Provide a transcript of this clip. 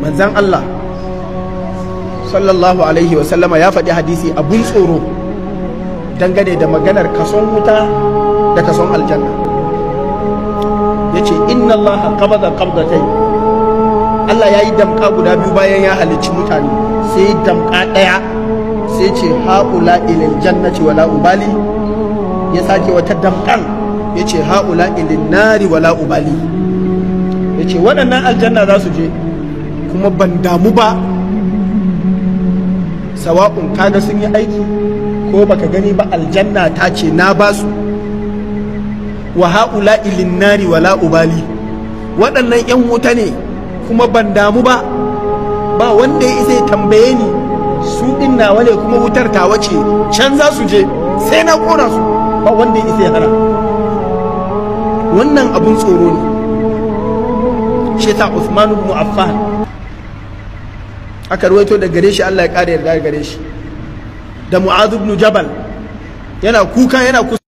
manzan Allah sallallahu alaihi wasallama ya faɗi hadisi abun tsoro dangane da maganar kason wuta da kason aljanna ya ce inna Allah ta yi. Allah ya yi damƙa guda biyu bayan ya halicci mutane sai damƙa ɗaya sai ce haƙula ilil jannati wala ubali ya sake wata damƙan ya ce haƙula ilil nari wala ubali ya ce waɗannan aljanna za su je kuma ban damu ba sawa'un kaga sun yi aiki ko baka gani ba aljanna ta ce na ba su wa ha'ula ilin nari wala ubali waɗannan 'yan wuta ne kuma ban damu ba ba wanda ya isa tambaye ni su ɗin nawa ne kuma wutar ta wace. can za su je sai na ƙona su ba wanda ya isa hana wannan abun tsoro ne shi ta Usman ibn Affan aka ruwaito da gare shi Allah ya ƙara yarda gare shi da Mu'adh ibn Jabal yana kuka yana kusa